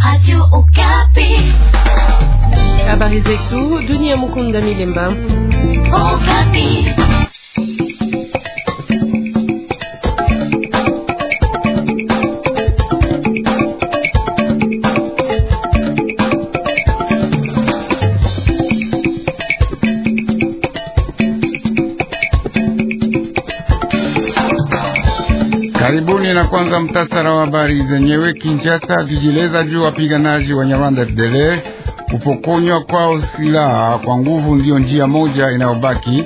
Radio Okapi. Habari zetu dunia, Mukunda Milemba. Okapi. karibuni na kwanza mtasara wa habari zenyewe. Kinshasa jijeleza juu wapiganaji wa Nyarwanda FDLR kupokonywa kwao silaha kwa nguvu ndiyo njia moja inayobaki.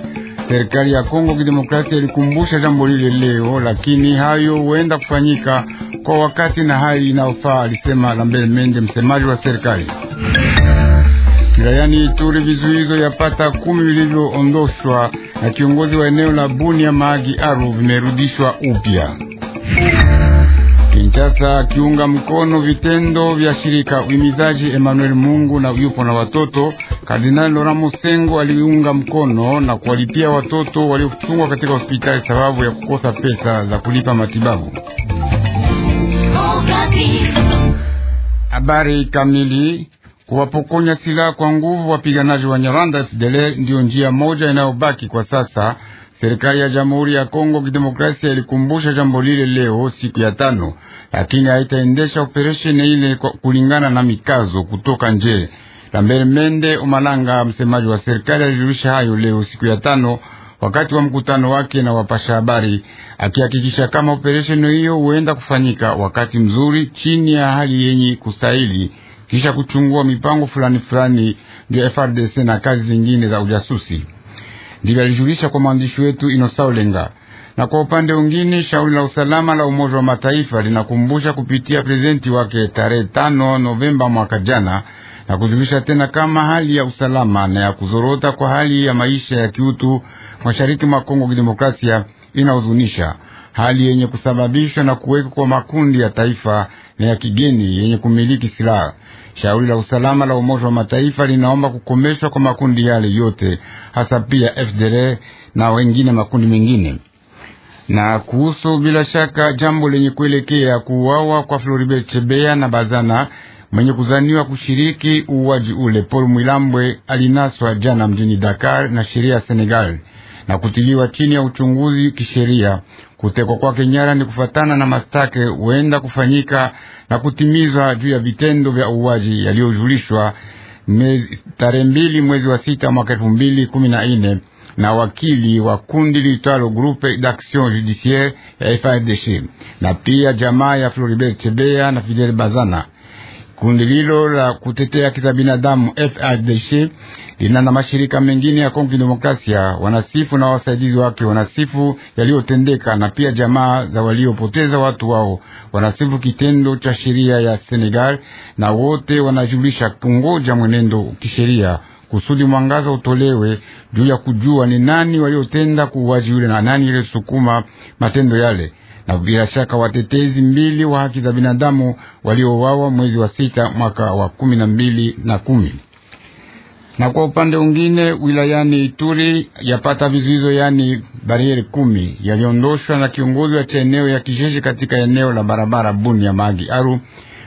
Serikali ya Kongo Kidemokrasia ilikumbusha jambo lile leo, lakini hayo huenda kufanyika kwa wakati na hali inayofaa, alisema Lambert Mende, msemaji wa serikali. Wilayani Ituri, vizuizo yapata kumi vilivyoondoshwa na kiongozi wa eneo la Bunia Maagi Aru vimerudishwa upya. Kinshasa akiunga mkono vitendo vya shirika uimizaji Emmanuel Mungu na yupo na watoto. Kardinali lora mosengo aliunga mkono na kuwalipia watoto waliofungwa katika hospitali sababu ya kukosa pesa za kulipa matibabu. Habari kamili kuwapokonya silaha kwa nguvu wapiganaji wa Nyaranda FDLR e ndiyo njia moja inayobaki kwa sasa Serikali ya Jamhuri ya Kongo Kidemokrasia ilikumbusha jambo lile leo siku ya tano, lakini haitaendesha operesheni ile kulingana na mikazo kutoka nje. Lambert Mende Umalanga, msemaji wa serikali, alijulisha hayo leo siku ya tano wakati wa mkutano wake na wapasha habari, akihakikisha kama operesheni hiyo huenda kufanyika wakati mzuri chini ya hali yenye kustahili, kisha kuchungua mipango fulani fulani ndio FRDC na kazi zingine za ujasusi ndivyo alijulisha kwa mwandishi wetu Lenga. Na kwa upande ungine, shauri la usalama la Umoja wa Mataifa linakumbusha kupitia prezidenti wake tarehe tano Novemba mwaka jana na kujulisha tena kama hali ya usalama na ya kuzorota kwa hali ya maisha ya kiutu mashariki mwa Kongo Kidemokrasia inahuzunisha, hali yenye kusababishwa na kuwekwa kwa makundi ya taifa na ya kigeni yenye kumiliki silaha. Shauri la usalama la Umoja wa Mataifa linaomba kukomeshwa kwa makundi yale yote, hasa pia FDL na wengine makundi mengine. Na kuhusu bila shaka jambo lenye kuelekea kuuawa kwa Floribert chebea na Bazana mwenye kuzaniwa kushiriki uuaji ule, Paul Mwilambwe alinaswa jana mjini Dakar na sheria ya Senegal na kutiliwa chini ya uchunguzi kisheria. Kutekwa kwake nyara ni kufatana na mastake huenda kufanyika na kutimizwa juu ya vitendo vya uwaji yaliyojulishwa tarehe mbili mwezi wa sita mwaka elfu mbili kumi na nne na wakili wa kundi liitwalo Groupe d'Action Judiciaire ya FARDC na pia jamaa ya Floribert Chebea na Fidel Bazana Kundi lilo la kutetea haki za binadamu FRDC lina na mashirika mengine ya Kongo Demokrasia wanasifu na wasaidizi wake wanasifu yaliyotendeka, na pia jamaa za waliopoteza watu wao wanasifu kitendo cha sheria ya Senegal, na wote wanajulisha kungoja mwenendo kisheria kusudi mwangaza utolewe juu ya kujua ni nani waliotenda kuuaji yule na nani aliyosukuma matendo yale na bila shaka watetezi mbili wa haki za binadamu waliouawa mwezi wa sita mwaka wa kumi na mbili na kumi na kwa upande mwingine wilayani Ituri yapata vizuizo yani barieri kumi yaliondoshwa na kiongozi wa cha eneo ya kijeshi katika eneo la barabara Bunia Magi Aru.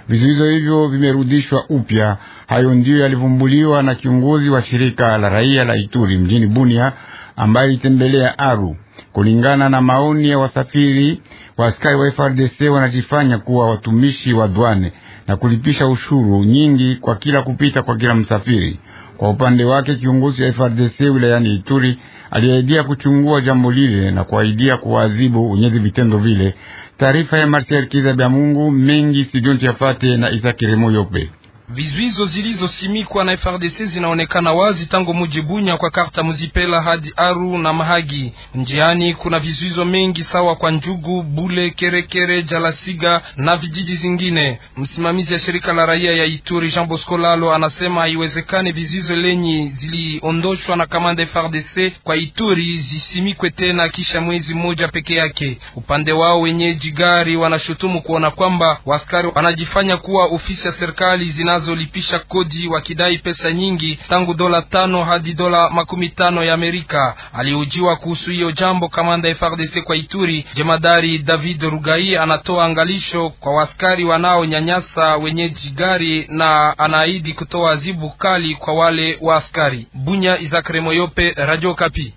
Vizuizo hivyo vimerudishwa upya. Hayo ndiyo yalivumbuliwa na kiongozi wa shirika la raia la Ituri mjini Bunia ambaye alitembelea Aru. Kulingana na maoni ya wasafiri Waaskari wa FRDC wanajifanya kuwa watumishi wa dwane na kulipisha ushuru nyingi kwa kila kupita kwa kila msafiri. Kwa upande wake, kiongozi wa FRDC wilayani Ituri aliahidia kuchungua jambo lile na kuahidia kuwaadhibu wenyezi vitendo vile. Taarifa ya Marcel Kiza Bya Mungu mengi sijonti yafate na Isaki Remoyope. Vizuizo zilizosimikwa na FRDC zinaonekana wazi tangu muji Bunya kwa karta Muzipela hadi Aru na Mahagi. Njiani kuna vizuizo mengi sawa kwa Njugu, Bule, Kerekere, Jalasiga na vijiji zingine. Msimamizi ya shirika la raia ya Ituri Jean Bosco Lalo anasema haiwezekani vizuizo lenye ziliondoshwa na kamanda FRDC kwa Ituri zisimikwe tena kisha mwezi mmoja peke yake. Upande wao wenyeji gari wanashutumu kuona kwamba waskari wanajifanya kuwa ofisi ya serikali zina zinazolipisha kodi wakidai pesa nyingi tangu dola tano hadi dola makumi tano ya Amerika. aliujiwa kuhusu hiyo jambo, kamanda FRDC kwa Ituri, jemadari David Rugai anatoa angalisho kwa waskari wanaonyanyasa wenyeji gari na anaahidi kutoa zibu kali kwa wale waskari. Bunya Isakremoyope, Radio Kapi.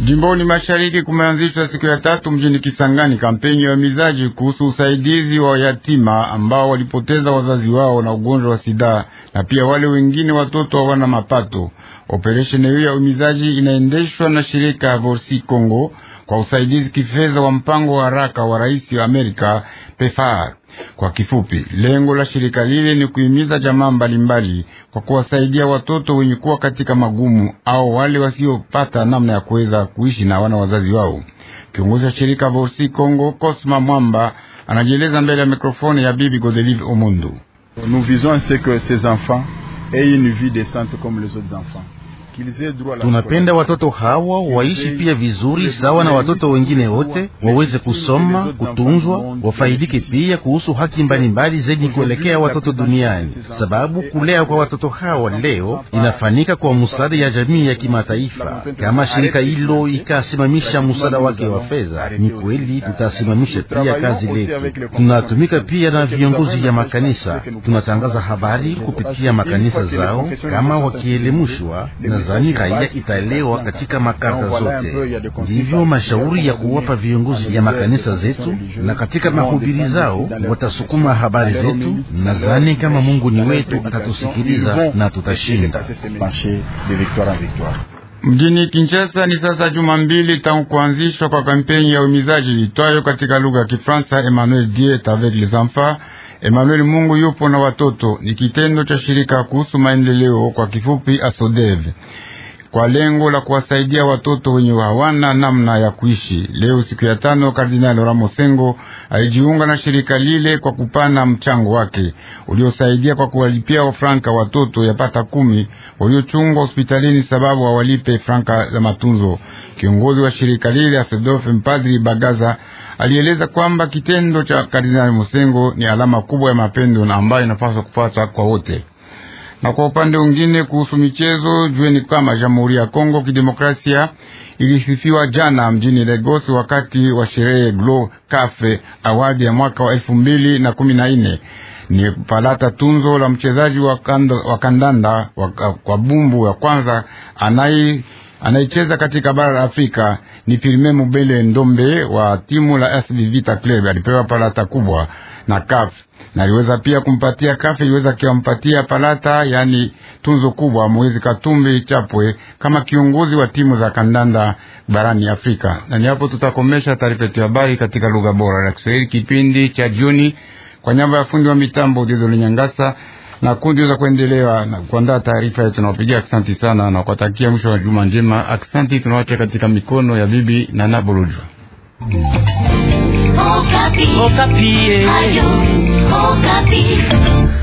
Jimboni mashariki kumeanzishwa siku ya tatu mjini Kisangani kampeni ya mizaji kuhusu usaidizi wa yatima ambao walipoteza wazazi wao na ugonjwa wa sida na pia wale wengine watoto hawana mapato. Operesheni hiyo ya umizaji inaendeshwa na shirika Vorsi Kongo kwa usaidizi kifedha wa mpango wa haraka wa rais wa Amerika pefar Kwa kifupi, lengo la shirika lile ni kuhimiza jamaa mbalimbali kwa kuwasaidia watoto wenye kuwa katika magumu au wale wasiopata namna ya kuweza kuishi na wana wazazi wao. Kiongozi wa shirika Vosi congo Cosma Mwamba anajieleza mbele ya mikrofoni ya bibi Godelive Omundu. Nous visons ce que ces enfants aient une vie décente comme les autres enfants. Tunapenda watoto hawa waishi pia vizuri sawa na watoto wengine wote, waweze kusoma, kutunzwa, wafaidike pia kuhusu haki mbalimbali zenye kuelekea watoto duniani, sababu e kulea kwa watoto hawa leo inafanika kwa msaada ya jamii ya kimataifa. Kama shirika hilo ikasimamisha msaada wake wa fedha, ni kweli tutasimamisha pia kazi letu. Tunatumika pia na viongozi ya makanisa, tunatangaza habari kupitia makanisa zao kama wakielemushwa na nadhani raia itaelewa katika makarta zote. Ndivyo mashauri ya kuwapa viongozi ya makanisa zetu, na katika mahubiri zao watasukuma habari zetu. Nadhani kama Mungu ni wetu atatusikiliza na tutashinda. Mjini Kinshasa ni sasa juma mbili tangu kuanzishwa kwa kampeni ya umizaji itwayo katika lugha ya Kifransa Emmanuel Dieu avec les enfants Emmanuel Mungu yupo na watoto ni kitendo cha shirika kuhusu maendeleo, kwa kifupi ASODEV kwa lengo la kuwasaidia watoto wenye hawana namna ya kuishi. Leo siku ya tano, Kardinali Ramosengo alijiunga na shirika lile kwa kupana mchango wake uliosaidia kwa kuwalipia franka watoto yapata kumi waliochungwa hospitalini sababu hawalipe franka za matunzo. Kiongozi wa shirika lile Asedofe Mpadri Bagaza alieleza kwamba kitendo cha Kardinali Mosengo ni alama kubwa ya mapendo na ambayo inapaswa kufuatwa kwa wote. Na kwa upande mwingine, kuhusu michezo, jueni kama Jamhuri ya Kongo Kidemokrasia ilisifiwa jana mjini Lagos wakati wa sherehe Glo Cafe awadi ya mwaka wa elfu mbili na kumi na nne ni palata tunzo la mchezaji wa kandanda kwa bumbu ya kwanza anai anayecheza katika bara la Afrika ni pirme Mubele Ndombe wa timu la sbvita Vita Club alipewa palata kubwa na CAF na aliweza pia kumpatia kafe, iliweza kiwampatia palata, yani tunzo kubwa mwezi Katumbi Chapwe kama kiongozi wa timu za kandanda barani Afrika. Na ni hapo tutakomesha taarifa yetu ya habari katika lugha bora ya Kiswahili kipindi cha jioni, kwa nyamba ya fundi wa mitambo Didoli Nyangasa na kundi za kuendelewa na kuandaa taarifa yetu. Tunawapigia asanti sana na kuwatakia mwisho wa juma njema. Asanti, tunawaacha katika mikono ya bibi na Nabolojwa. Oh, Okapi.